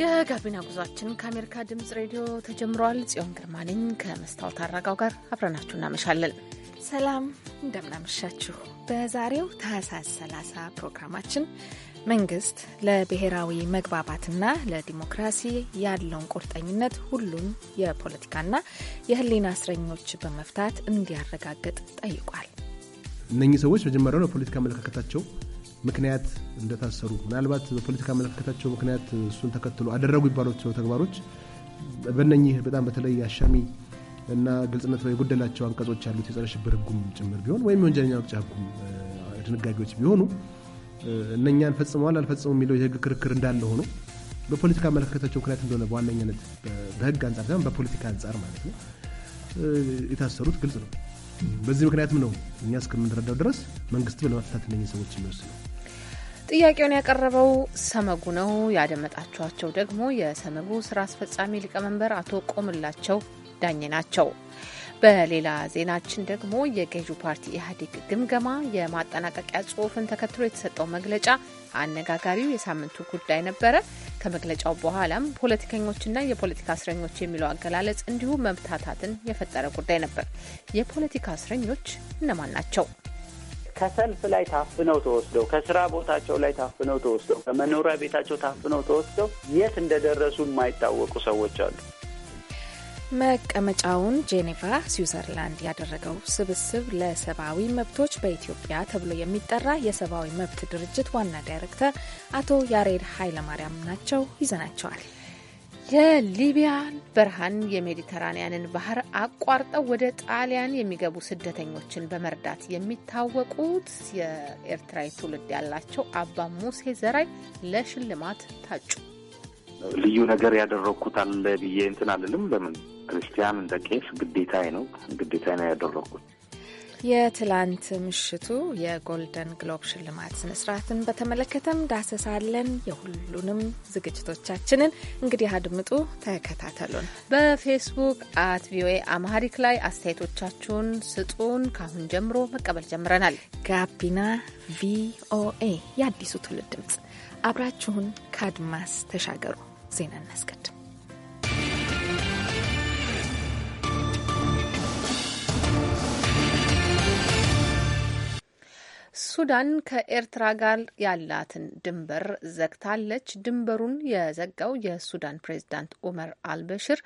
የጋቢና ጉዟችን ከአሜሪካ ድምጽ ሬዲዮ ተጀምሯል። ጽዮን ግርማ ነኝ ከመስታወት አረጋው ጋር አብረናችሁ እናመሻለን። ሰላም እንደምናመሻችሁ። በዛሬው ታህሳስ 30 ፕሮግራማችን መንግስት ለብሔራዊ መግባባትና ለዲሞክራሲ ያለውን ቁርጠኝነት ሁሉም የፖለቲካና የህሊና እስረኞች በመፍታት እንዲያረጋግጥ ጠይቋል። እነኚህ ሰዎች መጀመሪያውን የፖለቲካ አመለካከታቸው ምክንያት እንደታሰሩ ምናልባት በፖለቲካ አመለካከታቸው ምክንያት እሱን ተከትሎ አደረጉ ይባሏቸው ተግባሮች በነኚህ በጣም በተለይ አሻሚ እና ግልጽነት የጎደላቸው አንቀጾች ያሉት የጸረ ሽብር ህጉም ጭምር ቢሆን ወይም የወንጀለኛ መቅጫ ህጉም ድንጋጌዎች ቢሆኑ እነኛን ፈጽመዋል አልፈጽሙ የሚለው የህግ ክርክር እንዳለ ሆኖ በፖለቲካ አመለካከታቸው ምክንያት እንደሆነ በዋነኛነት በህግ አንጻር ሳይሆን በፖለቲካ አንጻር ማለት ነው የታሰሩት ግልጽ ነው። በዚህ ምክንያትም ነው እኛ እስከምንረዳው ድረስ መንግስትም ለመፍታት እነኝህ ሰዎች የሚወስነው። ጥያቄውን ያቀረበው ሰመጉ ነው። ያደመጣችኋቸው ደግሞ የሰመጉ ስራ አስፈጻሚ ሊቀመንበር አቶ ቆምላቸው ዳኜ ናቸው። በሌላ ዜናችን ደግሞ የገዢው ፓርቲ ኢህአዴግ ግምገማ የማጠናቀቂያ ጽሁፍን ተከትሎ የተሰጠው መግለጫ አነጋጋሪው የሳምንቱ ጉዳይ ነበረ። ከመግለጫው በኋላም ፖለቲከኞችና የፖለቲካ እስረኞች የሚለው አገላለጽ እንዲሁም መምታታትን የፈጠረ ጉዳይ ነበር። የፖለቲካ እስረኞች እነማን ናቸው? ከሰልፍ ላይ ታፍነው ተወስደው፣ ከስራ ቦታቸው ላይ ታፍነው ተወስደው፣ ከመኖሪያ ቤታቸው ታፍነው ተወስደው የት እንደደረሱ የማይታወቁ ሰዎች አሉ። መቀመጫውን ጄኔቫ ስዊዘርላንድ ያደረገው ስብስብ ለሰብአዊ መብቶች በኢትዮጵያ ተብሎ የሚጠራ የሰብአዊ መብት ድርጅት ዋና ዳይሬክተር አቶ ያሬድ ኃይለማርያም ናቸው። ይዘናቸዋል። የሊቢያን በርሃን የሜዲተራንያንን ባህር አቋርጠው ወደ ጣሊያን የሚገቡ ስደተኞችን በመርዳት የሚታወቁት የኤርትራዊ ትውልድ ያላቸው አባ ሙሴ ዘራይ ለሽልማት ታጩ። ልዩ ነገር ያደረግኩት አለ ብዬ እንትን አልልም። ለምን ክርስቲያን እንደ ቄስ ግዴታዬ ነው፣ ግዴታዬ ነው ያደረግኩት የትላንት ምሽቱ የጎልደን ግሎብ ሽልማት ስነስርዓትን በተመለከተም ዳሰሳለን። የሁሉንም ዝግጅቶቻችንን እንግዲህ አድምጡ፣ ተከታተሉን። በፌስቡክ አት ቪኦኤ አማሪክ ላይ አስተያየቶቻችሁን ስጡን። ካሁን ጀምሮ መቀበል ጀምረናል። ጋቢና ቪኦኤ የአዲሱ ትውልድ ድምፅ፣ አብራችሁን ከአድማስ ተሻገሩ። ዜና እናስቀድም። ሱዳን ከኤርትራ ጋር ያላትን ድንበር ዘግታለች። ድንበሩን የዘጋው የሱዳን ፕሬዝዳንት ኡመር አልበሽር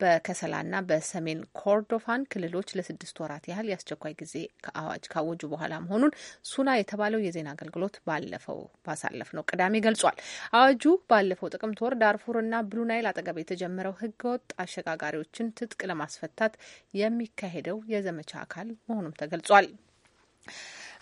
በከሰላና በሰሜን ኮርዶፋን ክልሎች ለስድስት ወራት ያህል የአስቸኳይ ጊዜ አዋጅ ካወጁ በኋላ መሆኑን ሱና የተባለው የዜና አገልግሎት ባለፈው ባሳለፍ ነው ቅዳሜ ገልጿል። አዋጁ ባለፈው ጥቅምት ወር ዳርፉርና ብሉናይል አጠገብ የተጀመረው ህገወጥ አሸጋጋሪዎችን ትጥቅ ለማስፈታት የሚካሄደው የዘመቻ አካል መሆኑም ተገልጿል።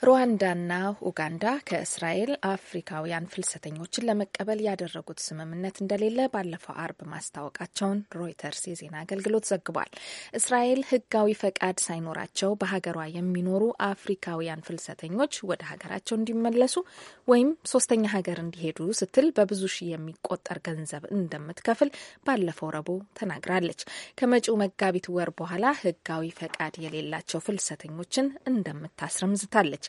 ሩዋንዳና ኡጋንዳ ከእስራኤል አፍሪካውያን ፍልሰተኞችን ለመቀበል ያደረጉት ስምምነት እንደሌለ ባለፈው አርብ ማስታወቃቸውን ሮይተርስ የዜና አገልግሎት ዘግቧል። እስራኤል ሕጋዊ ፈቃድ ሳይኖራቸው በሀገሯ የሚኖሩ አፍሪካውያን ፍልሰተኞች ወደ ሀገራቸው እንዲመለሱ ወይም ሶስተኛ ሀገር እንዲሄዱ ስትል በብዙ ሺህ የሚቆጠር ገንዘብ እንደምትከፍል ባለፈው ረቡዕ ተናግራለች። ከመጪው መጋቢት ወር በኋላ ሕጋዊ ፈቃድ የሌላቸው ፍልሰተኞችን እንደምታስረምዝታለች።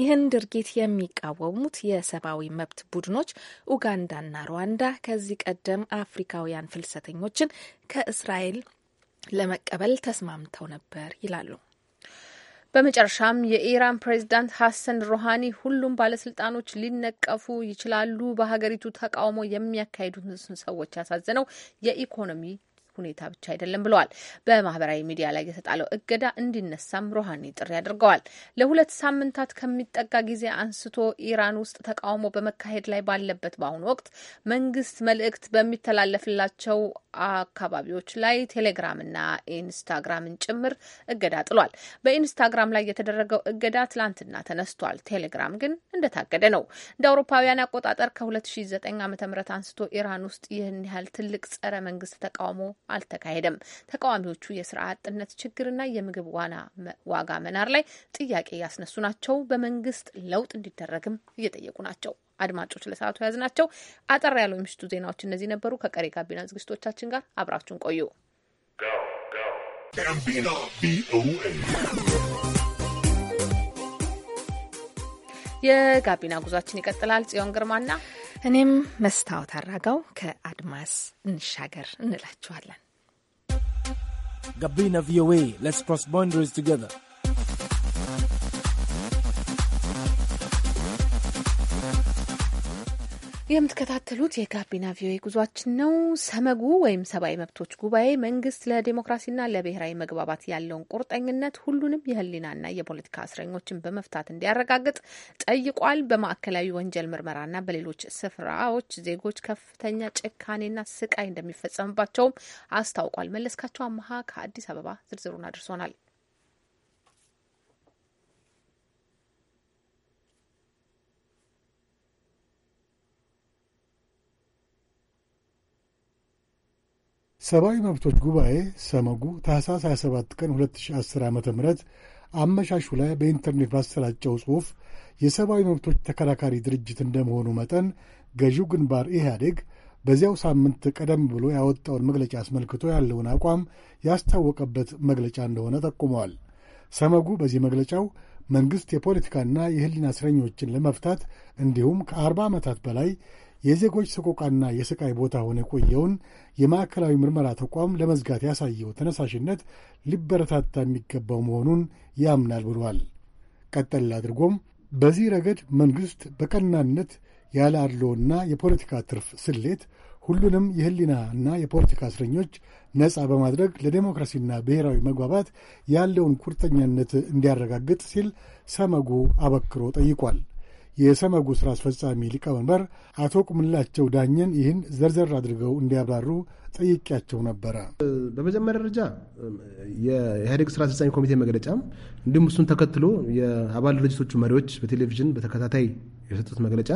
ይህን ድርጊት የሚቃወሙት የሰብአዊ መብት ቡድኖች ኡጋንዳና ሩዋንዳ ከዚህ ቀደም አፍሪካውያን ፍልሰተኞችን ከእስራኤል ለመቀበል ተስማምተው ነበር ይላሉ። በመጨረሻም የኢራን ፕሬዚዳንት ሀሰን ሮሃኒ ሁሉም ባለስልጣኖች ሊነቀፉ ይችላሉ፣ በሀገሪቱ ተቃውሞ የሚያካሂዱትን ሰዎች ያሳዘነው የኢኮኖሚ ሁኔታ ብቻ አይደለም ብለዋል። በማህበራዊ ሚዲያ ላይ የተጣለው እገዳ እንዲነሳም ሮሃኒ ጥሪ አድርገዋል። ለሁለት ሳምንታት ከሚጠጋ ጊዜ አንስቶ ኢራን ውስጥ ተቃውሞ በመካሄድ ላይ ባለበት በአሁኑ ወቅት መንግስት መልእክት በሚተላለፍላቸው አካባቢዎች ላይ ቴሌግራምና ኢንስታግራምን ጭምር እገዳ ጥሏል። በኢንስታግራም ላይ የተደረገው እገዳ ትላንትና ተነስቷል። ቴሌግራም ግን እንደታገደ ነው። እንደ አውሮፓውያን አቆጣጠር ከ2009 ዓ ም አንስቶ ኢራን ውስጥ ይህን ያህል ትልቅ ጸረ መንግስት ተቃውሞ አልተካሄደም። ተቃዋሚዎቹ የስራ አጥነት ችግርና የምግብ ዋና ዋጋ መናር ላይ ጥያቄ ያስነሱ ናቸው። በመንግስት ለውጥ እንዲደረግም እየጠየቁ ናቸው። አድማጮች ለሰዓቱ የያዝ ናቸው። አጠር ያሉ የምሽቱ ዜናዎች እነዚህ ነበሩ። ከቀሪ ጋቢና ዝግጅቶቻችን ጋር አብራችሁን ቆዩ። የጋቢና ጉዟችን ይቀጥላል። ጽዮን ግርማና እኔም መስታወት አራጋው ከአድማስ እንሻገር እንላችኋለን። ጋቢና ቪኦኤ ሌትስ ክሮስ ቦንደሪስ ቱጌዘር የምትከታተሉት የጋቢና ቪኦኤ ጉዟችን ነው። ሰመጉ ወይም ሰብአዊ መብቶች ጉባኤ መንግስት ለዴሞክራሲና ለብሔራዊ መግባባት ያለውን ቁርጠኝነት ሁሉንም የህሊናና የፖለቲካ እስረኞችን በመፍታት እንዲያረጋግጥ ጠይቋል። በማዕከላዊ ወንጀል ምርመራና በሌሎች ስፍራዎች ዜጎች ከፍተኛ ጭካኔና ስቃይ እንደሚፈጸምባቸውም አስታውቋል። መለስካቸው አመሀ ከአዲስ አበባ ዝርዝሩን አድርሶናል። ሰብአዊ መብቶች ጉባኤ ሰመጉ ታህሳስ 27 ቀን 2010 ዓ ም አመሻሹ ላይ በኢንተርኔት ባሰራጨው ጽሑፍ የሰብአዊ መብቶች ተከራካሪ ድርጅት እንደመሆኑ መጠን ገዢው ግንባር ኢህአዴግ በዚያው ሳምንት ቀደም ብሎ ያወጣውን መግለጫ አስመልክቶ ያለውን አቋም ያስታወቀበት መግለጫ እንደሆነ ጠቁመዋል። ሰመጉ በዚህ መግለጫው መንግሥት የፖለቲካና የህሊና እስረኞችን ለመፍታት እንዲሁም ከአርባ ዓመታት በላይ የዜጎች ሰቆቃና የስቃይ ቦታ ሆነ የቆየውን የማዕከላዊ ምርመራ ተቋም ለመዝጋት ያሳየው ተነሳሽነት ሊበረታታ የሚገባው መሆኑን ያምናል ብሏል። ቀጠል አድርጎም በዚህ ረገድ መንግሥት በቀናነት ያለ አድሎና የፖለቲካ ትርፍ ስሌት ሁሉንም እና የፖለቲካ እስረኞች ነፃ በማድረግ ለዴሞክራሲና ብሔራዊ መግባባት ያለውን ቁርጠኛነት እንዲያረጋግጥ ሲል ሰመጉ አበክሮ ጠይቋል። የሰመጉ ሥራ አስፈጻሚ ሊቀመንበር አቶ ቁምላቸው ዳኘን ይህን ዘርዘር አድርገው እንዲያብራሩ ጠይቄያቸው ነበረ። በመጀመሪያ ደረጃ የኢህአዴግ ሥራ አስፈጻሚ ኮሚቴ መግለጫም እንዲሁም እሱን ተከትሎ የአባል ድርጅቶቹ መሪዎች በቴሌቪዥን በተከታታይ የሰጡት መግለጫ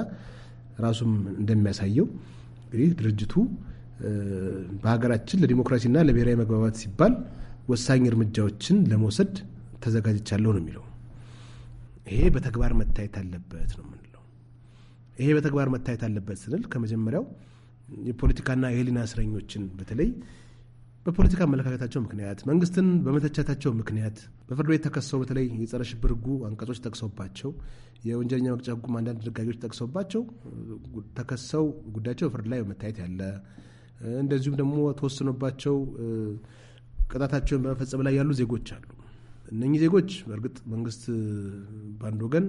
ራሱም እንደሚያሳየው እንግዲህ ድርጅቱ በሀገራችን ለዲሞክራሲና ለብሔራዊ መግባባት ሲባል ወሳኝ እርምጃዎችን ለመውሰድ ተዘጋጅቻለሁ ነው የሚለው ይሄ በተግባር መታየት አለበት ነው የምንለው። ይሄ በተግባር መታየት አለበት ስንል ከመጀመሪያው የፖለቲካና የህሊና እስረኞችን በተለይ በፖለቲካ አመለካከታቸው ምክንያት መንግስትን በመተቻታቸው ምክንያት በፍርድ ቤት ተከሰው በተለይ የጸረ ሽብር ህጉ አንቀጾች ጠቅሰውባቸው የወንጀለኛ መቅጫ ህጉም አንዳንድ ድንጋጌዎች ጠቅሰውባቸው ተከሰው ጉዳያቸው በፍርድ ላይ በመታየት ያለ እንደዚሁም ደግሞ ተወስኖባቸው ቅጣታቸውን በመፈጸም ላይ ያሉ ዜጎች አሉ። እነኚህ ዜጎች በእርግጥ መንግስት በአንድ ወገን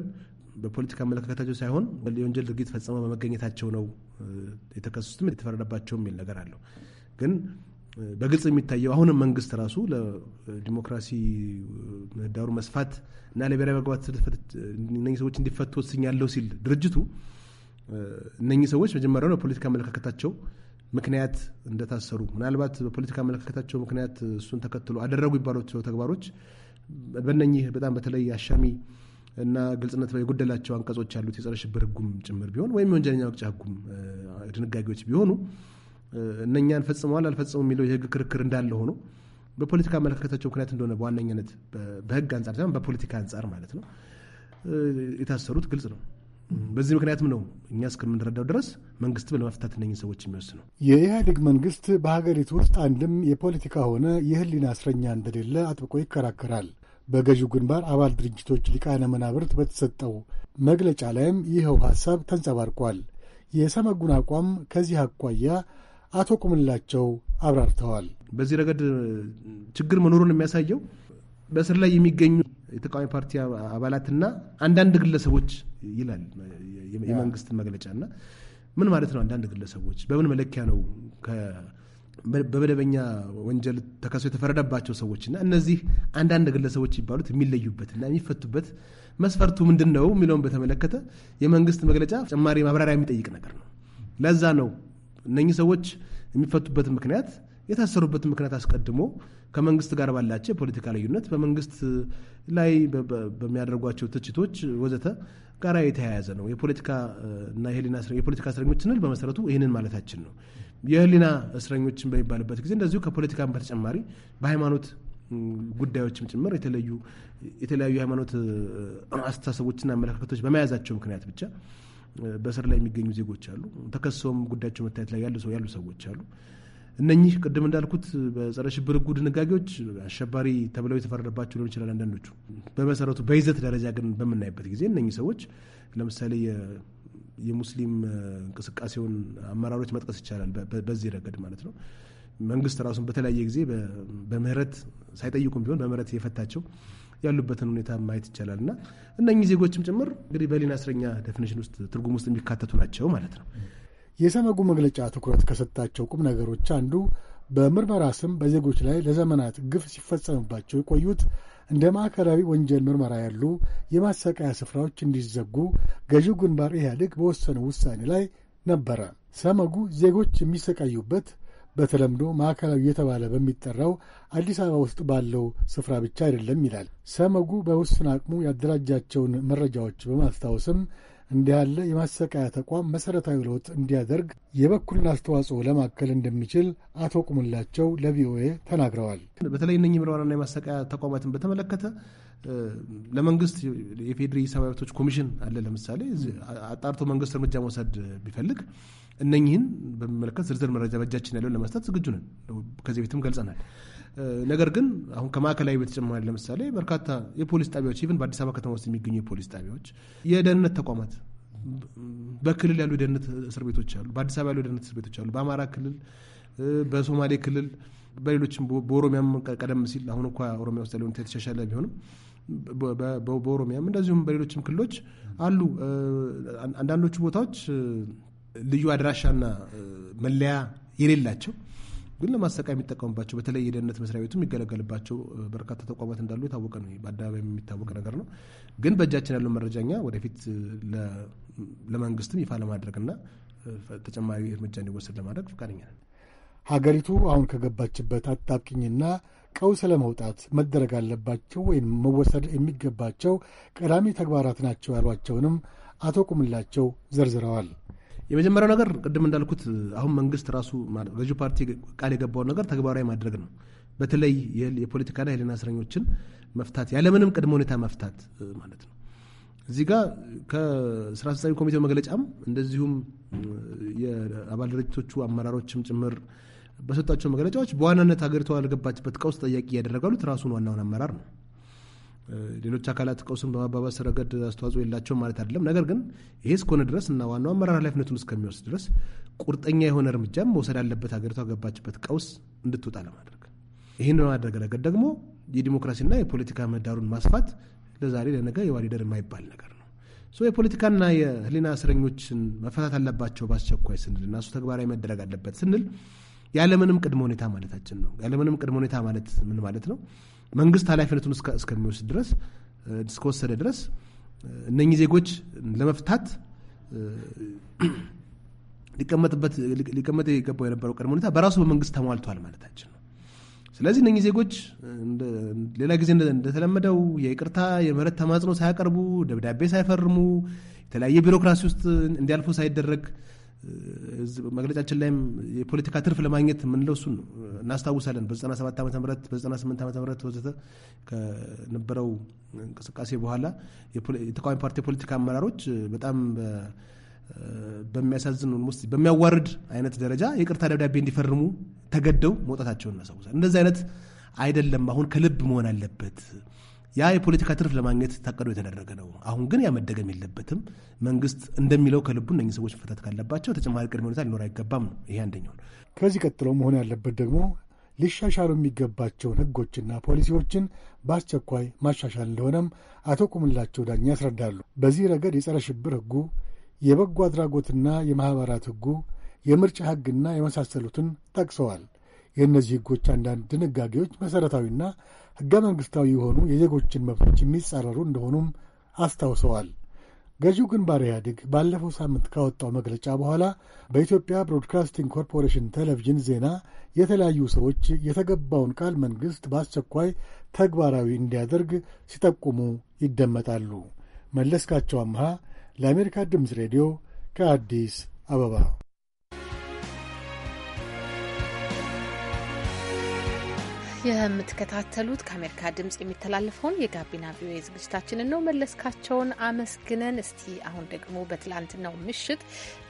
በፖለቲካ አመለካከታቸው ሳይሆን የወንጀል ድርጊት ፈጽመ በመገኘታቸው ነው የተከሰሱትም የተፈረደባቸው የሚል ነገር አለው። ግን በግልጽ የሚታየው አሁንም መንግስት ራሱ ለዲሞክራሲ ምህዳሩ መስፋት እና ለብሔራዊ መግባት እነኚህ ሰዎች እንዲፈቱ ወስኛለሁ ሲል ድርጅቱ እነኚህ ሰዎች መጀመሪያ በፖለቲካ አመለካከታቸው ምክንያት እንደታሰሩ ምናልባት በፖለቲካ አመለካከታቸው ምክንያት እሱን ተከትሎ አደረጉ ይባሏቸው ተግባሮች በነኚህ በጣም በተለይ አሻሚ እና ግልጽነት የጎደላቸው አንቀጾች ያሉት የጸረ ሽብር ህጉም ጭምር ቢሆን ወይም የወንጀለኛ መቅጫ ህጉም ድንጋጌዎች ቢሆኑ እነኛን ፈጽመዋል አልፈጽሙ የሚለው የህግ ክርክር እንዳለ ሆኖ በፖለቲካ አመለካከታቸው ምክንያት እንደሆነ በዋነኛነት በህግ አንጻር ሳይሆን በፖለቲካ አንጻር ማለት ነው የታሰሩት ግልጽ ነው። በዚህ ምክንያትም ነው እኛ እስከምንረዳው ድረስ መንግስት ለመፍታት እነኝን ሰዎች የሚወስነው። የኢህአዴግ መንግስት በሀገሪቱ ውስጥ አንድም የፖለቲካ ሆነ የህሊና እስረኛ እንደሌለ አጥብቆ ይከራከራል። በገዢው ግንባር አባል ድርጅቶች ሊቃነ መናብርት በተሰጠው መግለጫ ላይም ይኸው ሐሳብ ተንጸባርቋል። የሰመጉን አቋም ከዚህ አኳያ አቶ ቁምላቸው አብራርተዋል። በዚህ ረገድ ችግር መኖሩን የሚያሳየው በእስር ላይ የሚገኙ የተቃዋሚ ፓርቲ አባላትና አንዳንድ ግለሰቦች ይላል የመንግስትን መግለጫ እና ምን ማለት ነው? አንዳንድ ግለሰቦች በምን መለኪያ ነው በመደበኛ ወንጀል ተከሶ የተፈረደባቸው ሰዎችና እነዚህ አንዳንድ ግለሰቦች ይባሉት የሚለዩበትና የሚፈቱበት መስፈርቱ ምንድን ነው የሚለውን በተመለከተ የመንግስት መግለጫ ተጨማሪ ማብራሪያ የሚጠይቅ ነገር ነው። ለዛ ነው እነኚህ ሰዎች የሚፈቱበት ምክንያት የታሰሩበት ምክንያት አስቀድሞ ከመንግስት ጋር ባላቸው የፖለቲካ ልዩነት በመንግስት ላይ በሚያደርጓቸው ትችቶች ወዘተ ጋራ የተያያዘ ነው። የፖለቲካ እና የህሊና የፖለቲካ እስረኞች ስንል በመሰረቱ ይህንን ማለታችን ነው። የህሊና እስረኞችን በሚባልበት ጊዜ እንደዚሁ ከፖለቲካ በተጨማሪ በሃይማኖት ጉዳዮችም ጭምር የተለዩ የተለያዩ የሃይማኖት አስተሳሰቦችና አመለካከቶች በመያዛቸው ምክንያት ብቻ በእስር ላይ የሚገኙ ዜጎች አሉ። ተከሰውም ጉዳያቸው መታየት ላይ ያሉ ሰዎች አሉ። እነኚህ ቅድም እንዳልኩት በጸረ ሽብር ህጉ ድንጋጌዎች አሸባሪ ተብለው የተፈረደባቸው ሊሆን ይችላል። አንዳንዶቹ በመሰረቱ በይዘት ደረጃ ግን በምናይበት ጊዜ እነኚህ ሰዎች ለምሳሌ የሙስሊም እንቅስቃሴውን አመራሮች መጥቀስ ይቻላል። በዚህ ረገድ ማለት ነው። መንግስት ራሱን በተለያየ ጊዜ በምህረት ሳይጠይቁም ቢሆን በምህረት የፈታቸው ያሉበትን ሁኔታ ማየት ይቻላል እና እነኚህ ዜጎችም ጭምር እንግዲህ በህሊና እስረኛ ዴፊኒሽን ውስጥ ትርጉም ውስጥ የሚካተቱ ናቸው ማለት ነው። የሰመጉ መግለጫ ትኩረት ከሰጣቸው ቁም ነገሮች አንዱ በምርመራ ስም በዜጎች ላይ ለዘመናት ግፍ ሲፈጸምባቸው የቆዩት እንደ ማዕከላዊ ወንጀል ምርመራ ያሉ የማሰቃያ ስፍራዎች እንዲዘጉ ገዢው ግንባር ኢህአዴግ በወሰነው ውሳኔ ላይ ነበረ። ሰመጉ ዜጎች የሚሰቃዩበት በተለምዶ ማዕከላዊ የተባለ በሚጠራው አዲስ አበባ ውስጥ ባለው ስፍራ ብቻ አይደለም ይላል። ሰመጉ በውስን አቅሙ ያደራጃቸውን መረጃዎች በማስታወስም እንዲህ ያለ የማሰቃያ ተቋም መሠረታዊ ለውጥ እንዲያደርግ የበኩልን አስተዋጽኦ ለማከል እንደሚችል አቶ ቁምላቸው ለቪኦኤ ተናግረዋል። በተለይ እነኚህ ምርመራና የማሰቃያ ተቋማትን በተመለከተ ለመንግስት የፌዴሪ ሰብአዊ መብቶች ኮሚሽን አለ። ለምሳሌ አጣርቶ መንግስት እርምጃ መውሰድ ቢፈልግ እነኚህን በሚመለከት ዝርዝር መረጃ በእጃችን ያለውን ለመስጠት ዝግጁ ነን። ከዚህ ቤትም ገልጸናል። ነገር ግን አሁን ከማዕከላዊ በተጨማሪ ለምሳሌ በርካታ የፖሊስ ጣቢያዎች ኢቨን በአዲስ አበባ ከተማ ውስጥ የሚገኙ የፖሊስ ጣቢያዎች፣ የደህንነት ተቋማት በክልል ያሉ የደህንነት እስር ቤቶች አሉ። በአዲስ አበባ ያሉ የደህንነት እስር ቤቶች አሉ። በአማራ ክልል፣ በሶማሌ ክልል፣ በሌሎችም በኦሮሚያም ቀደም ሲል አሁን እኳ ኦሮሚያ ውስጥ ያለውን የተሻሻለ ቢሆንም በኦሮሚያም እንደዚሁም በሌሎችም ክልሎች አሉ። አንዳንዶቹ ቦታዎች ልዩ አድራሻና መለያ የሌላቸው ግን ለማሰቃያ የሚጠቀሙባቸው በተለይ የደህንነት መስሪያ ቤቱ የሚገለገልባቸው በርካታ ተቋማት እንዳሉ የታወቀ ነው። በአደባባይ የሚታወቅ ነገር ነው። ግን በእጃችን ያለው መረጃኛ ወደፊት ለመንግስትም ይፋ ለማድረግና ተጨማሪ እርምጃ እንዲወሰድ ለማድረግ ፈቃደኛ ነን። ሀገሪቱ አሁን ከገባችበት አጣብቂኝና ቀውስ ለመውጣት መደረግ አለባቸው ወይም መወሰድ የሚገባቸው ቀዳሚ ተግባራት ናቸው ያሏቸውንም አቶ ቁምላቸው ዘርዝረዋል። የመጀመሪያው ነገር ቅድም እንዳልኩት አሁን መንግስት ራሱ ገዢው ፓርቲ ቃል የገባውን ነገር ተግባራዊ ማድረግ ነው። በተለይ የፖለቲካና የሕሊና እስረኞችን መፍታት ያለምንም ቅድመ ሁኔታ መፍታት ማለት ነው። እዚህ ጋ ከስራ አስፈጻሚ ኮሚቴው መግለጫም እንደዚሁም የአባል ድርጅቶቹ አመራሮችም ጭምር በሰጣቸው መግለጫዎች በዋናነት ሀገሪቷ ያልገባችበት ቀውስ ጠያቂ እያደረጋሉት ራሱን ዋናውን አመራር ነው። ሌሎች አካላት ቀውስን በማባባስ ረገድ አስተዋጽኦ የላቸውም ማለት አይደለም። ነገር ግን ይሄ እስከሆነ ድረስ እና ዋናው አመራር ኃላፊነቱን እስከሚወስድ ድረስ ቁርጠኛ የሆነ እርምጃ መውሰድ አለበት፣ ሀገሪቷ ገባችበት ቀውስ እንድትወጣ ለማድረግ። ይህን በማድረግ ረገድ ደግሞ የዲሞክራሲና የፖለቲካ ምህዳሩን ማስፋት ለዛሬ ለነገ የዋሊደር የማይባል ነገር ነው። የፖለቲካና የህሊና እስረኞችን መፈታት አለባቸው በአስቸኳይ ስንል እና እሱ ተግባራዊ መደረግ አለበት ስንል ያለምንም ቅድመ ሁኔታ ማለታችን ነው። ያለምንም ቅድመ ሁኔታ ማለት ምን ማለት ነው? መንግስት ኃላፊነቱን እስከሚወስድ ድረስ እስከወሰደ ድረስ እነኚህ ዜጎች ለመፍታት ሊቀመጥበት ሊቀመጥ የገባው የነበረው ቅድመ ሁኔታ በራሱ በመንግስት ተሟልቷል ማለታችን ነው። ስለዚህ እነኚህ ዜጎች ሌላ ጊዜ እንደተለመደው የይቅርታ የምህረት ተማጽኖ ሳያቀርቡ፣ ደብዳቤ ሳይፈርሙ፣ የተለያየ ቢሮክራሲ ውስጥ እንዲያልፉ ሳይደረግ መግለጫችን ላይም የፖለቲካ ትርፍ ለማግኘት የምንለው እሱን ነው። እናስታውሳለን በ97 ዓ ም በ98 ዓ ም ወዘተ ከነበረው እንቅስቃሴ በኋላ የተቃዋሚ ፓርቲ የፖለቲካ አመራሮች በጣም በሚያሳዝን ስ በሚያዋርድ አይነት ደረጃ የቅርታ ደብዳቤ እንዲፈርሙ ተገደው መውጣታቸውን እናስታውሳለን። እንደዚህ አይነት አይደለም፣ አሁን ከልብ መሆን አለበት ያ የፖለቲካ ትርፍ ለማግኘት ታቀዶ የተደረገ ነው። አሁን ግን ያ መደገም የለበትም። መንግስት እንደሚለው ከልቡ እነኝህ ሰዎች መፈታት ካለባቸው ተጨማሪ ቅድመ ሁኔታ ሊኖር አይገባም ነው። ይሄ አንደኛው። ከዚህ ቀጥሎ መሆን ያለበት ደግሞ ሊሻሻሉ የሚገባቸውን ህጎችና ፖሊሲዎችን በአስቸኳይ ማሻሻል እንደሆነም አቶ ቁምላቸው ዳኛ ያስረዳሉ። በዚህ ረገድ የጸረ ሽብር ህጉ፣ የበጎ አድራጎትና የማኅበራት ህጉ፣ የምርጫ ህግና የመሳሰሉትን ጠቅሰዋል። የእነዚህ ህጎች አንዳንድ ድንጋጌዎች መሠረታዊና ሕገ መንግሥታዊ የሆኑ የዜጎችን መብቶች የሚጻረሩ እንደሆኑም አስታውሰዋል። ገዢው ግንባር ኢህአዴግ ባለፈው ሳምንት ካወጣው መግለጫ በኋላ በኢትዮጵያ ብሮድካስቲንግ ኮርፖሬሽን ቴሌቪዥን ዜና የተለያዩ ሰዎች የተገባውን ቃል መንግሥት በአስቸኳይ ተግባራዊ እንዲያደርግ ሲጠቁሙ ይደመጣሉ። መለስካቸው አምሃ ለአሜሪካ ድምፅ ሬዲዮ ከአዲስ አበባ የምትከታተሉት ከአሜሪካ ድምጽ የሚተላለፈውን የጋቢና ቪኦኤ ዝግጅታችንን ነው። መለስካቸውን አመስግነን እስቲ አሁን ደግሞ በትላንትናው ምሽት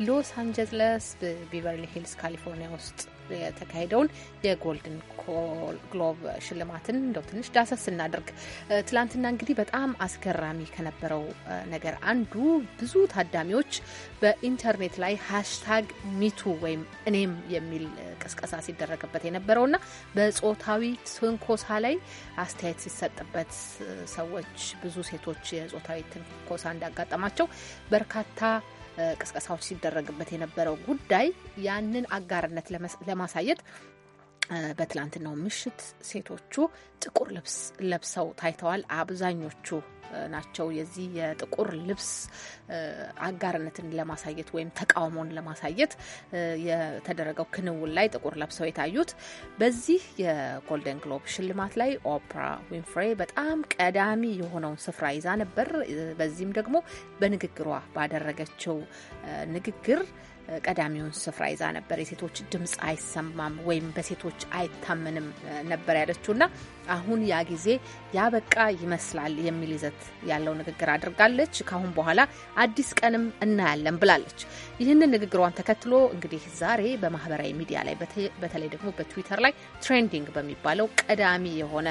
ሎስ አንጀለስ በቢቨርሊ ሂልስ ካሊፎርኒያ ውስጥ የተካሄደውን የጎልድን ግሎብ ሽልማትን እንደው ትንሽ ዳሰስ ስናደርግ ትላንትና እንግዲህ በጣም አስገራሚ ከነበረው ነገር አንዱ ብዙ ታዳሚዎች በኢንተርኔት ላይ ሃሽታግ ሚቱ ወይም እኔም የሚል ቅስቀሳ ሲደረግበት የነበረውና በጾታዊ ትንኮሳ ላይ አስተያየት ሲሰጥበት ሰዎች ብዙ ሴቶች የጾታዊ ትንኮሳ እንዳጋጠማቸው በርካታ ቅስቀሳዎች ሲደረግበት የነበረው ጉዳይ ያንን አጋርነት ለማሳየት በትላንትናው ምሽት ሴቶቹ ጥቁር ልብስ ለብሰው ታይተዋል። አብዛኞቹ ናቸው። የዚህ የጥቁር ልብስ አጋርነትን ለማሳየት ወይም ተቃውሞን ለማሳየት የተደረገው ክንውን ላይ ጥቁር ለብሰው የታዩት። በዚህ የጎልደን ግሎብ ሽልማት ላይ ኦፕራ ዊንፍሬ በጣም ቀዳሚ የሆነውን ስፍራ ይዛ ነበር። በዚህም ደግሞ በንግግሯ ባደረገችው ንግግር ቀዳሚውን ስፍራ ይዛ ነበር። የሴቶች ድምፅ አይሰማም ወይም በሴቶች አይታመንም ነበር ያለችው እና አሁን ያ ጊዜ ያበቃ ይመስላል የሚል ይዘት ያለው ንግግር አድርጋለች። ከአሁን በኋላ አዲስ ቀንም እናያለን ብላለች። ይህንን ንግግሯን ተከትሎ እንግዲህ ዛሬ በማህበራዊ ሚዲያ ላይ በተለይ ደግሞ በትዊተር ላይ ትሬንዲንግ በሚባለው ቀዳሚ የሆነ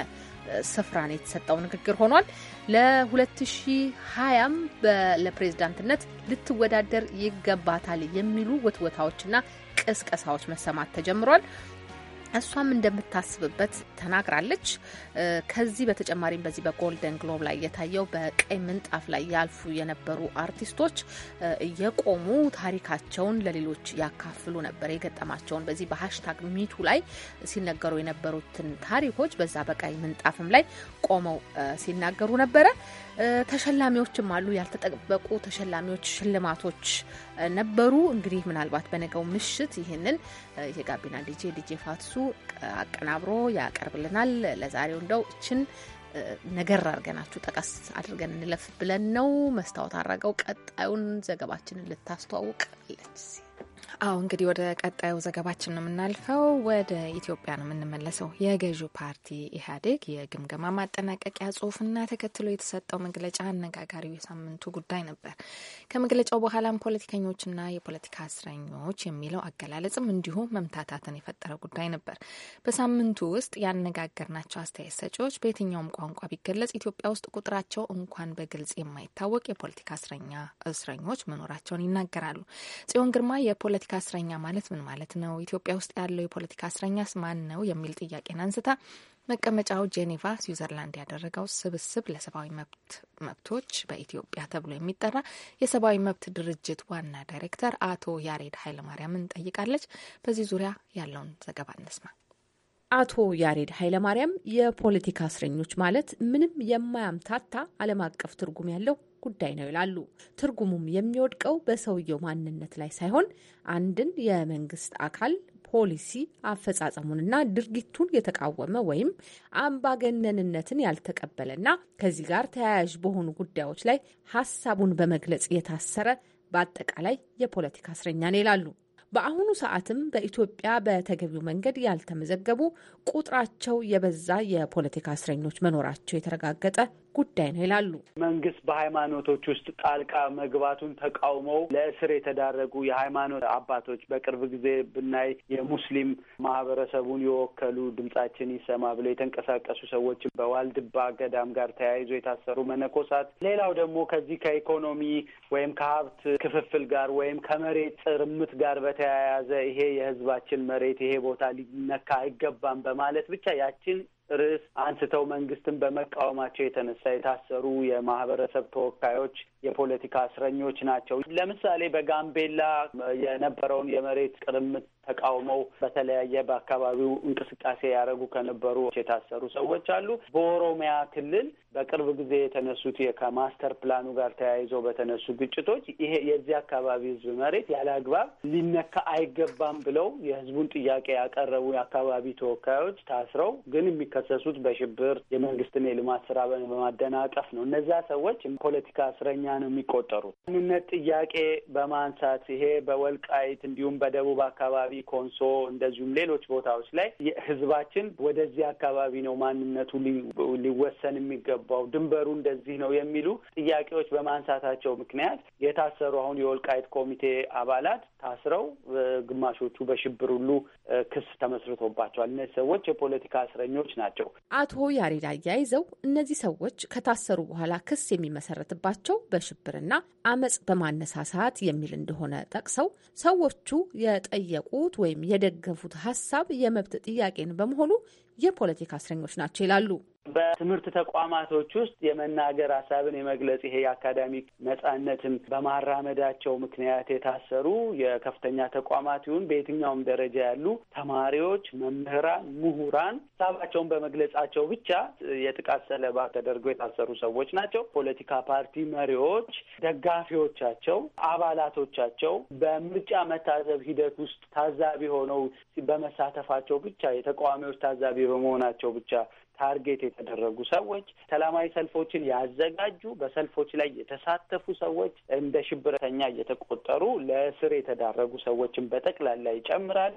ነው የተሰጠው ንግግር ሆኗል። ለ2020ም ለፕሬዝዳንትነት ልትወዳደር ይገባታል የሚሉ ውትወታዎችና ቅስቀሳዎች መሰማት ተጀምሯል። እሷም እንደምታስብበት ተናግራለች። ከዚህ በተጨማሪም በዚህ በጎልደን ግሎብ ላይ የታየው በቀይ ምንጣፍ ላይ ያልፉ የነበሩ አርቲስቶች እየቆሙ ታሪካቸውን ለሌሎች ያካፍሉ ነበር። የገጠማቸውን በዚህ በሀሽታግ ሚቱ ላይ ሲነገሩ የነበሩትን ታሪኮች በዛ በቀይ ምንጣፍም ላይ ቆመው ሲናገሩ ነበረ። ተሸላሚዎችም አሉ። ያልተጠበቁ ተሸላሚዎች ሽልማቶች ነበሩ። እንግዲህ ምናልባት በነገው ምሽት ይህንን የጋቢና ዲጄ ዲጄ ፋትሱ አቀናብሮ ያቀርብልናል። ለዛሬው እንደው እችን ነገር አድርገናችሁ ጠቀስ አድርገን እንለፍ ብለን ነው። መስታወት አድረገው ቀጣዩን ዘገባችንን ልታስተዋውቃለች። አሁ እንግዲህ ወደ ቀጣዩ ዘገባችን ነው የምናልፈው። ወደ ኢትዮጵያ ነው የምንመለሰው። የገዢው ፓርቲ ኢህአዴግ የግምገማ ማጠናቀቂያ ጽሁፍና ተከትሎ የተሰጠው መግለጫ አነጋጋሪው የሳምንቱ ጉዳይ ነበር። ከመግለጫው በኋላም ፖለቲከኞችና የፖለቲካ እስረኞች የሚለው አገላለጽም እንዲሁም መምታታትን የፈጠረ ጉዳይ ነበር። በሳምንቱ ውስጥ ያነጋገርናቸው አስተያየት ሰጪዎች በየትኛውም ቋንቋ ቢገለጽ ኢትዮጵያ ውስጥ ቁጥራቸው እንኳን በግልጽ የማይታወቅ የፖለቲካ እስረኛ እስረኞች መኖራቸውን ይናገራሉ። ጽዮን ግርማ የፖለቲ የፖለቲካ እስረኛ ማለት ምን ማለት ነው? ኢትዮጵያ ውስጥ ያለው የፖለቲካ እስረኛስ ማን ነው? የሚል ጥያቄን አንስታ መቀመጫው ጄኔቫ ስዊዘርላንድ ያደረገው ስብስብ ለሰብአዊ መብት መብቶች በኢትዮጵያ ተብሎ የሚጠራ የሰብአዊ መብት ድርጅት ዋና ዳይሬክተር አቶ ያሬድ ኃይለማርያምን ጠይቃለች። በዚህ ዙሪያ ያለውን ዘገባ እንስማ። አቶ ያሬድ ኃይለማርያም የፖለቲካ እስረኞች ማለት ምንም የማያምታታ ዓለም አቀፍ ትርጉም ያለው ጉዳይ ነው ይላሉ። ትርጉሙም የሚወድቀው በሰውየው ማንነት ላይ ሳይሆን አንድን የመንግስት አካል ፖሊሲ አፈጻጸሙንና ድርጊቱን የተቃወመ ወይም አምባገነንነትን ያልተቀበለና ከዚህ ጋር ተያያዥ በሆኑ ጉዳዮች ላይ ሀሳቡን በመግለጽ የታሰረ በአጠቃላይ የፖለቲካ እስረኛ ነው ይላሉ። በአሁኑ ሰዓትም በኢትዮጵያ በተገቢው መንገድ ያልተመዘገቡ ቁጥራቸው የበዛ የፖለቲካ እስረኞች መኖራቸው የተረጋገጠ ጉዳይ ነው ይላሉ። መንግስት በሃይማኖቶች ውስጥ ጣልቃ መግባቱን ተቃውመው ለእስር የተዳረጉ የሃይማኖት አባቶች በቅርብ ጊዜ ብናይ የሙስሊም ማህበረሰቡን የወከሉ ድምጻችን ይሰማ ብለው የተንቀሳቀሱ ሰዎች በዋልድባ ገዳም ጋር ተያይዞ የታሰሩ መነኮሳት፣ ሌላው ደግሞ ከዚህ ከኢኮኖሚ ወይም ከሀብት ክፍፍል ጋር ወይም ከመሬት ጥርምት ጋር በተያያዘ ይሄ የህዝባችን መሬት ይሄ ቦታ ሊነካ አይገባም በማለት ብቻ ያችን ርዕስ አንስተው መንግስትን በመቃወማቸው የተነሳ የታሰሩ የማህበረሰብ ተወካዮች የፖለቲካ እስረኞች ናቸው። ለምሳሌ በጋምቤላ የነበረውን የመሬት ቅርምት ተቃውመው በተለያየ በአካባቢው እንቅስቃሴ ያደረጉ ከነበሩ የታሰሩ ሰዎች አሉ። በኦሮሚያ ክልል በቅርብ ጊዜ የተነሱት ከማስተር ፕላኑ ጋር ተያይዘው በተነሱ ግጭቶች ይሄ የዚህ አካባቢ ህዝብ መሬት ያለ አግባብ ሊነካ አይገባም ብለው የህዝቡን ጥያቄ ያቀረቡ የአካባቢ ተወካዮች ታስረው ግን የሚከሰሱት በሽብር የመንግስትን የልማት ስራ በማደናቀፍ ነው። እነዚያ ሰዎች ፖለቲካ እስረኛ ነው የሚቆጠሩት። ማንነት ጥያቄ በማንሳት ይሄ በወልቃይት እንዲሁም በደቡብ አካባቢ ኮንሶ፣ እንደዚሁም ሌሎች ቦታዎች ላይ ህዝባችን ወደዚህ አካባቢ ነው ማንነቱ ሊወሰን የሚገባው ድንበሩ እንደዚህ ነው የሚሉ ጥያቄዎች በማንሳታቸው ምክንያት የታሰሩ አሁን የወልቃይት ኮሚቴ አባላት ታስረው ግማሾቹ በሽብር ሁሉ ክስ ተመስርቶባቸዋል። እነዚህ ሰዎች የፖለቲካ እስረኞች ናቸው። አቶ ያሬድ አያይዘው እነዚህ ሰዎች ከታሰሩ በኋላ ክስ የሚመሰረትባቸው በ በሽብርና አመጽ በማነሳሳት የሚል እንደሆነ ጠቅሰው ሰዎቹ የጠየቁት ወይም የደገፉት ሀሳብ የመብት ጥያቄን በመሆኑ የፖለቲካ እስረኞች ናቸው ይላሉ። በትምህርት ተቋማቶች ውስጥ የመናገር ሀሳብን የመግለጽ ይሄ የአካዳሚክ ነጻነትን በማራመዳቸው ምክንያት የታሰሩ የከፍተኛ ተቋማት ይሁን በየትኛውም ደረጃ ያሉ ተማሪዎች፣ መምህራን፣ ምሁራን ሀሳባቸውን በመግለጻቸው ብቻ የጥቃት ሰለባ ተደርገው የታሰሩ ሰዎች ናቸው። ፖለቲካ ፓርቲ መሪዎች፣ ደጋፊዎቻቸው፣ አባላቶቻቸው በምርጫ መታዘብ ሂደት ውስጥ ታዛቢ ሆነው በመሳተፋቸው ብቻ የተቃዋሚዎች ታዛቢ በመሆናቸው ብቻ ታርጌት የተደረጉ ሰዎች፣ ሰላማዊ ሰልፎችን ያዘጋጁ፣ በሰልፎች ላይ የተሳተፉ ሰዎች እንደ ሽብረተኛ እየተቆጠሩ ለእስር የተዳረጉ ሰዎችን በጠቅላላ ይጨምራል።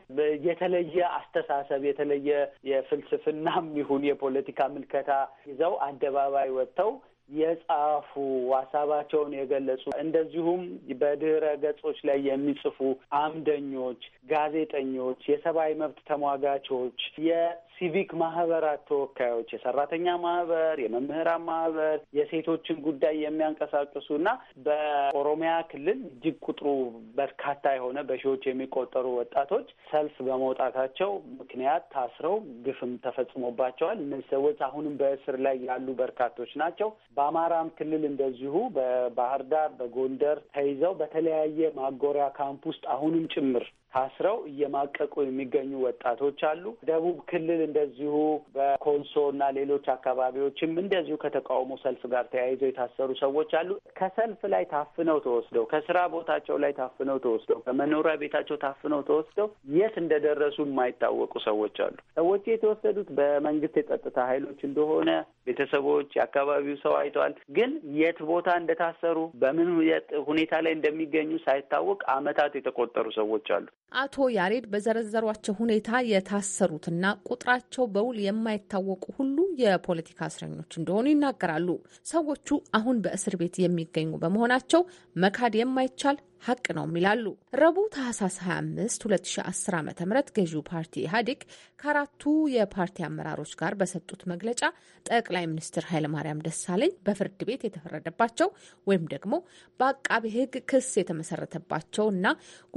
የተለየ አስተሳሰብ የተለየ የፍልስፍናም ይሁን የፖለቲካ ምልከታ ይዘው አደባባይ ወጥተው የጻፉ ሀሳባቸውን የገለጹ እንደዚሁም በድህረ ገጾች ላይ የሚጽፉ አምደኞች፣ ጋዜጠኞች፣ የሰብአዊ መብት ተሟጋቾች፣ ሲቪክ ማህበራት ተወካዮች፣ የሰራተኛ ማህበር፣ የመምህራን ማህበር፣ የሴቶችን ጉዳይ የሚያንቀሳቅሱ እና በኦሮሚያ ክልል እጅግ ቁጥሩ በርካታ የሆነ በሺዎች የሚቆጠሩ ወጣቶች ሰልፍ በመውጣታቸው ምክንያት ታስረው ግፍም ተፈጽሞባቸዋል። እነዚህ ሰዎች አሁንም በእስር ላይ ያሉ በርካቶች ናቸው። በአማራም ክልል እንደዚሁ በባህር ዳር፣ በጎንደር ተይዘው በተለያየ ማጎሪያ ካምፕ ውስጥ አሁንም ጭምር ታስረው እየማቀቁ የሚገኙ ወጣቶች አሉ። ደቡብ ክልል እንደዚሁ በኮንሶ እና ሌሎች አካባቢዎችም እንደዚሁ ከተቃውሞ ሰልፍ ጋር ተያይዘው የታሰሩ ሰዎች አሉ። ከሰልፍ ላይ ታፍነው ተወስደው፣ ከስራ ቦታቸው ላይ ታፍነው ተወስደው፣ ከመኖሪያ ቤታቸው ታፍነው ተወስደው የት እንደደረሱ የማይታወቁ ሰዎች አሉ። ሰዎች የተወሰዱት በመንግስት የጸጥታ ኃይሎች እንደሆነ ቤተሰቦች፣ የአካባቢው ሰው አይተዋል። ግን የት ቦታ እንደታሰሩ በምን ሁኔታ ላይ እንደሚገኙ ሳይታወቅ አመታት የተቆጠሩ ሰዎች አሉ። አቶ ያሬድ በዘረዘሯቸው ሁኔታ የታሰሩትና ቁጥራቸው በውል የማይታወቁ ሁሉ የፖለቲካ እስረኞች እንደሆኑ ይናገራሉ። ሰዎቹ አሁን በእስር ቤት የሚገኙ በመሆናቸው መካድ የማይቻል ሀቅ ነውም ይላሉ። ረቡዕ ታህሳስ 25 2010 ዓ ም ገዢው ፓርቲ ኢህአዴግ ከአራቱ የፓርቲ አመራሮች ጋር በሰጡት መግለጫ ጠቅላይ ሚኒስትር ኃይለማርያም ደሳለኝ በፍርድ ቤት የተፈረደባቸው ወይም ደግሞ በአቃቢ ሕግ ክስ የተመሰረተባቸው እና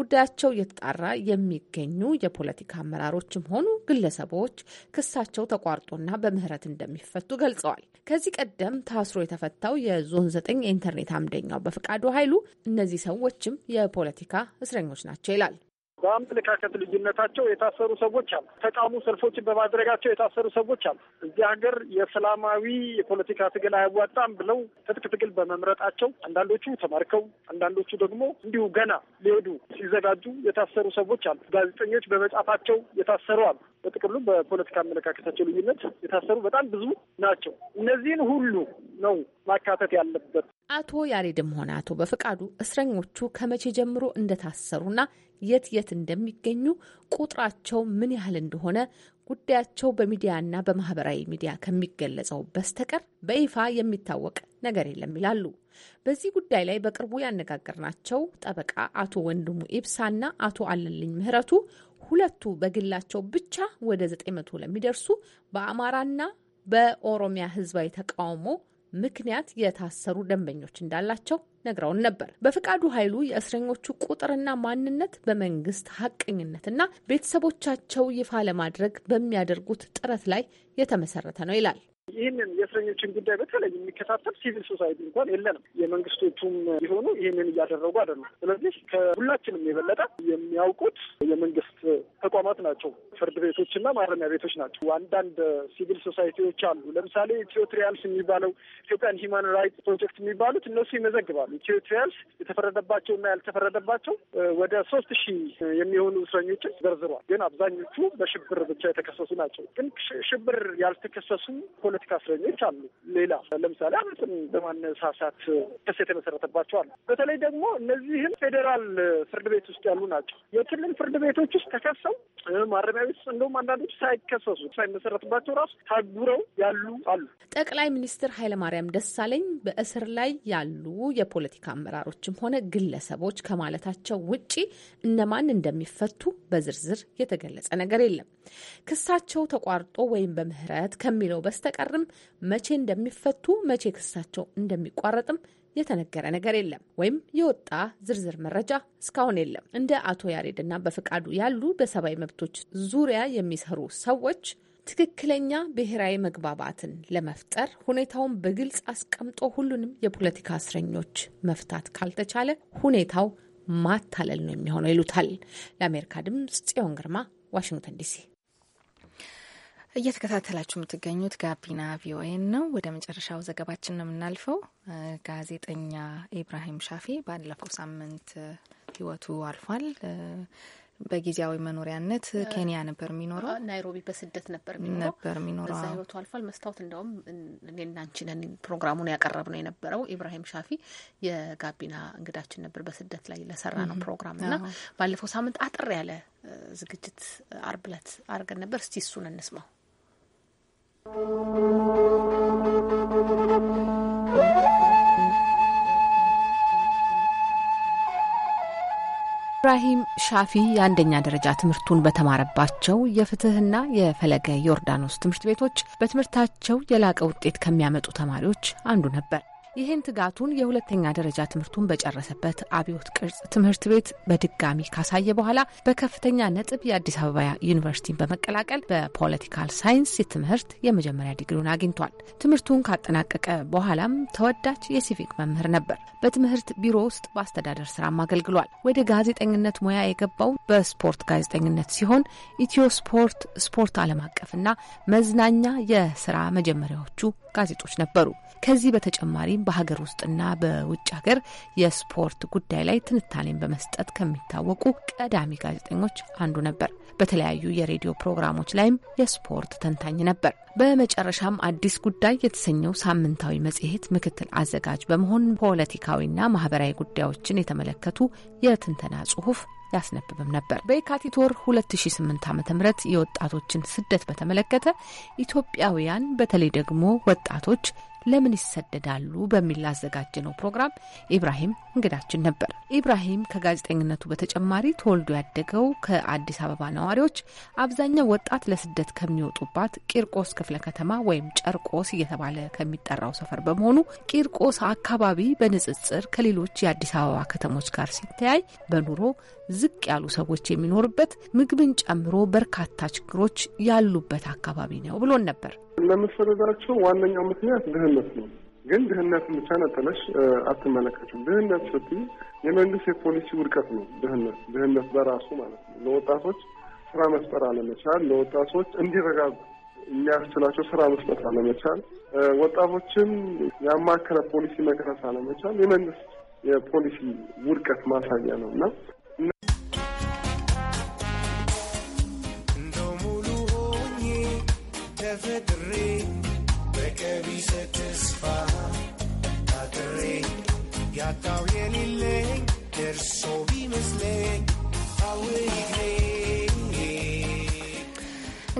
ጉዳያቸው እየተጣራ የሚገኙ የፖለቲካ አመራሮችም ሆኑ ግለሰቦች ክሳቸው ተቋርጦና በምህረት እንደሚፈቱ ገልጸዋል። ከዚህ ቀደም ታስሮ የተፈታው የዞን ዘጠኝ የኢንተርኔት አምደኛው በፍቃዱ ኃይሉ እነዚህ ሰዎችም የፖለቲካ እስረኞች ናቸው ይላል። በአመለካከት ልዩነታቸው የታሰሩ ሰዎች አሉ። ተቃውሞ ሰልፎችን በማድረጋቸው የታሰሩ ሰዎች አሉ። እዚህ ሀገር የሰላማዊ የፖለቲካ ትግል አያዋጣም ብለው ትጥቅ ትግል በመምረጣቸው አንዳንዶቹ ተማርከው፣ አንዳንዶቹ ደግሞ እንዲሁ ገና ሊሄዱ ሲዘጋጁ የታሰሩ ሰዎች አሉ። ጋዜጠኞች በመጻፋቸው የታሰሩ አሉ። በጥቅሉ በፖለቲካ አመለካከታቸው ልዩነት የታሰሩ በጣም ብዙ ናቸው። እነዚህን ሁሉ ነው ማካተት ያለበት። አቶ ያሬድም ሆነ አቶ በፈቃዱ እስረኞቹ ከመቼ ጀምሮ እንደታሰሩና የት የት እንደሚገኙ፣ ቁጥራቸው ምን ያህል እንደሆነ ጉዳያቸው በሚዲያና በማህበራዊ ሚዲያ ከሚገለጸው በስተቀር በይፋ የሚታወቅ ነገር የለም ይላሉ። በዚህ ጉዳይ ላይ በቅርቡ ያነጋገርናቸው ጠበቃ አቶ ወንድሙ ኢብሳና አቶ አለልኝ ምህረቱ ሁለቱ በግላቸው ብቻ ወደ ዘጠኝ መቶ ለሚደርሱ በአማራና በኦሮሚያ ህዝባዊ ተቃውሞ ምክንያት የታሰሩ ደንበኞች እንዳላቸው ነግረውን ነበር። በፍቃዱ ኃይሉ የእስረኞቹ ቁጥርና ማንነት በመንግስት ሀቀኝነትና ቤተሰቦቻቸው ይፋ ለማድረግ በሚያደርጉት ጥረት ላይ የተመሰረተ ነው ይላል። ይህንን የእስረኞችን ጉዳይ በተለይ የሚከታተል ሲቪል ሶሳይቲ እንኳን የለንም። የመንግስቶቹም ቢሆኑ ይህንን እያደረጉ አይደሉም። ስለዚህ ከሁላችንም የበለጠ የሚያውቁት የመንግስት ተቋማት ናቸው፣ ፍርድ ቤቶችና ማረሚያ ቤቶች ናቸው። አንዳንድ ሲቪል ሶሳይቲዎች አሉ። ለምሳሌ ኢትዮትሪያልስ የሚባለው ኢትዮጵያን ሂማን ራይትስ ፕሮጀክት የሚባሉት እነሱ ይመዘግባሉ። ኢትዮትሪያልስ እና ያልተፈረደባቸው ወደ ሶስት ሺህ የሚሆኑ እስረኞችን ዘርዝሯል። ግን አብዛኞቹ በሽብር ብቻ የተከሰሱ ናቸው። ግን ሽብር ያልተከሰሱ የፖለቲካ እስረኞች አሉ። ሌላ ለምሳሌ አመፅን በማነሳሳት ክስ የተመሰረተባቸው አሉ። በተለይ ደግሞ እነዚህም ፌዴራል ፍርድ ቤት ውስጥ ያሉ ናቸው። የክልል ፍርድ ቤቶች ውስጥ ተከሰው ማረሚያ ቤት ውስጥ እንደውም አንዳንዶች ሳይከሰሱ ሳይመሰረትባቸው ራሱ ታጉረው ያሉ አሉ። ጠቅላይ ሚኒስትር ኃይለማርያም ደሳለኝ በእስር ላይ ያሉ የፖለቲካ አመራሮችም ሆነ ግለሰቦች ከማለታቸው ውጪ እነማን እንደሚፈቱ በዝርዝር የተገለጸ ነገር የለም። ክሳቸው ተቋርጦ ወይም በምህረት ከሚለው በስተቀር ቢቀርም መቼ እንደሚፈቱ መቼ ክሳቸው እንደሚቋረጥም የተነገረ ነገር የለም ወይም የወጣ ዝርዝር መረጃ እስካሁን የለም። እንደ አቶ ያሬድና በፈቃዱ ያሉ በሰብአዊ መብቶች ዙሪያ የሚሰሩ ሰዎች ትክክለኛ ብሔራዊ መግባባትን ለመፍጠር ሁኔታውን በግልጽ አስቀምጦ ሁሉንም የፖለቲካ እስረኞች መፍታት ካልተቻለ ሁኔታው ማታለል ነው የሚሆነው ይሉታል። ለአሜሪካ ድምፅ ጽዮን ግርማ ዋሽንግተን ዲሲ። እየተከታተላችሁ የምትገኙት ጋቢና ቪኦኤን ነው። ወደ መጨረሻው ዘገባችን ነው የምናልፈው። ጋዜጠኛ ኢብራሂም ሻፊ ባለፈው ሳምንት ህይወቱ አልፏል። በጊዜያዊ መኖሪያነት ኬንያ ነበር የሚኖረው። ናይሮቢ በስደት ነበር ነበር የሚኖረው። እዛ ህይወቱ አልፏል። መስታወት እንደውም እኔና ፕሮግራሙን ያቀረብ ነው የነበረው። ኢብራሂም ሻፊ የጋቢና እንግዳችን ነበር። በስደት ላይ ለሰራ ነው ፕሮግራም እና ባለፈው ሳምንት አጥር ያለ ዝግጅት አርብ ዕለት አድርገን ነበር። እስቲ እሱን እንስማው። ኢብራሂም ሻፊ የአንደኛ ደረጃ ትምህርቱን በተማረባቸው የፍትህና የፈለገ ዮርዳኖስ ትምህርት ቤቶች በትምህርታቸው የላቀ ውጤት ከሚያመጡ ተማሪዎች አንዱ ነበር። ይህን ትጋቱን የሁለተኛ ደረጃ ትምህርቱን በጨረሰበት አብዮት ቅርጽ ትምህርት ቤት በድጋሚ ካሳየ በኋላ በከፍተኛ ነጥብ የአዲስ አበባ ዩኒቨርሲቲን በመቀላቀል በፖለቲካል ሳይንስ ትምህርት የመጀመሪያ ዲግሪውን አግኝቷል። ትምህርቱን ካጠናቀቀ በኋላም ተወዳጅ የሲቪክ መምህር ነበር። በትምህርት ቢሮ ውስጥ በአስተዳደር ስራም አገልግሏል። ወደ ጋዜጠኝነት ሙያ የገባው በስፖርት ጋዜጠኝነት ሲሆን ኢትዮ ስፖርት፣ ስፖርት ዓለም አቀፍና መዝናኛ የስራ መጀመሪያዎቹ ጋዜጦች ነበሩ። ከዚህ በተጨማሪም በሀገር ውስጥና በውጭ ሀገር የስፖርት ጉዳይ ላይ ትንታኔን በመስጠት ከሚታወቁ ቀዳሚ ጋዜጠኞች አንዱ ነበር። በተለያዩ የሬዲዮ ፕሮግራሞች ላይም የስፖርት ተንታኝ ነበር። በመጨረሻም አዲስ ጉዳይ የተሰኘው ሳምንታዊ መጽሔት ምክትል አዘጋጅ በመሆን ፖለቲካዊና ማህበራዊ ጉዳዮችን የተመለከቱ የትንተና ጽሑፍ ያስነብብም ነበር። በየካቲት ወር 2008 ም የወጣቶችን ስደት በተመለከተ ኢትዮጵያውያን በተለይ ደግሞ ወጣቶች ለምን ይሰደዳሉ በሚል ላዘጋጀነው ፕሮግራም ኢብራሂም እንግዳችን ነበር። ኢብራሂም ከጋዜጠኝነቱ በተጨማሪ ተወልዶ ያደገው ከአዲስ አበባ ነዋሪዎች አብዛኛው ወጣት ለስደት ከሚወጡባት ቂርቆስ ክፍለ ከተማ ወይም ጨርቆስ እየተባለ ከሚጠራው ሰፈር በመሆኑ ቂርቆስ አካባቢ በንጽጽር ከሌሎች የአዲስ አበባ ከተሞች ጋር ሲተያይ በኑሮ ዝቅ ያሉ ሰዎች የሚኖሩበት ምግብን ጨምሮ በርካታ ችግሮች ያሉበት አካባቢ ነው ብሎን ነበር። ለመሰደዳቸው ዋነኛው ምክንያት ድህነት ነው። ግን ድህነት ብቻ ነጥለሽ አትመለከቱም። ድህነት ስትይ የመንግስት የፖሊሲ ውድቀት ነው። ድህነት ድህነት በራሱ ማለት ነው ለወጣቶች ስራ መስጠር አለመቻል፣ ለወጣቶች እንዲረጋጉ የሚያስችላቸው ስራ መስጠት አለመቻል፣ ወጣቶችን ያማከለ ፖሊሲ መቅረስ አለመቻል የመንግስት የፖሊሲ ውድቀት ማሳያ ነው እና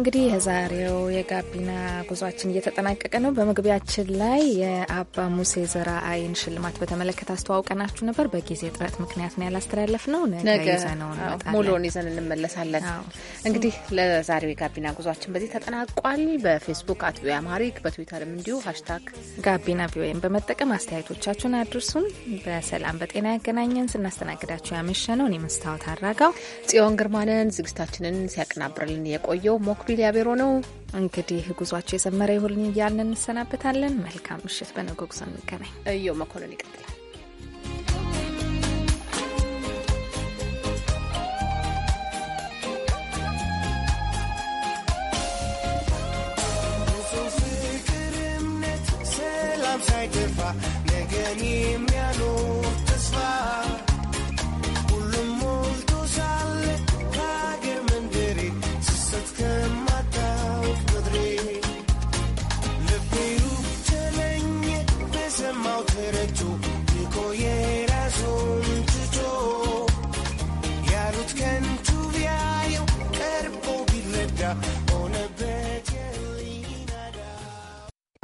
እንግዲህ የዛሬው የጋቢና ጉዟችን እየተጠናቀቀ ነው። በመግቢያችን ላይ የአባ ሙሴ ዘራ አይን ሽልማት በተመለከተ አስተዋውቀናችሁ ነበር። በጊዜ ጥረት ምክንያት ነው ያላስተላለፍ ነው። ነገ ይዘን እንመለሳለን። እንግዲህ ለዛሬው የጋቢና ጉዟችን በዚህ ተጠናቋል። በፌስቡክ አት ቪኦኤ አማሪክ በትዊተርም እንዲሁ ሀሽታግ ጋቢና ቪኦኤም በመጠቀም አስተያየቶቻችሁን አድርሱን። በሰላም በጤና ያገናኘን። ስናስተናግዳችሁ ያመሸ ነው እኔ መስታወት አራጋው ጽዮን ግርማንን ዝግጅታችንን ሲያቀናብርልን የቆየው ሞክቢ ዲልዲያ ቢሮ ነው። እንግዲህ ጉዟቸው የሰመረ ይሁን እያልን እንሰናበታለን። መልካም ምሽት። በነገ ጉዞ እንገናኝ። እየው መኮንን ይቀጥላል። I'm